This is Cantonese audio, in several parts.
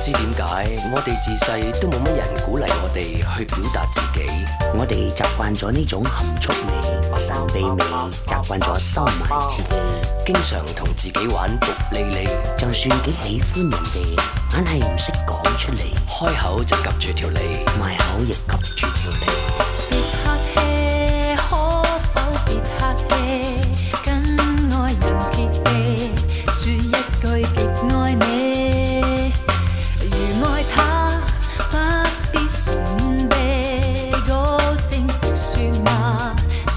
唔知點解，我哋自細都冇乜人鼓勵我哋去表達自己，我哋習慣咗呢種含蓄美、神秘美，習慣咗收埋自己，經常同自己玩「獨利利」。就算幾喜歡人哋，硬係唔識講出嚟，開口就夾住條脷，埋口亦夾住條脷。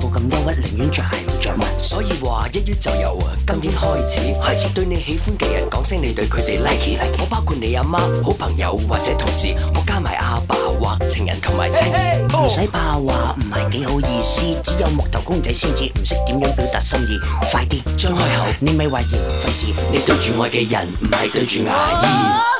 冇咁憂鬱，寧願著鞋唔著襪。所以話一於就由今天開始，開始對你喜歡嘅人講聲你對佢哋 like, like 我包括你阿媽，媽、好朋友或者同事，我加埋阿爸話情人同埋親人。唔使怕話唔係幾好意思，只有木頭公仔先至唔識點樣表達心意。快啲張開口，你咪話嫌費事，你對住我嘅人唔係對住牙醫。啊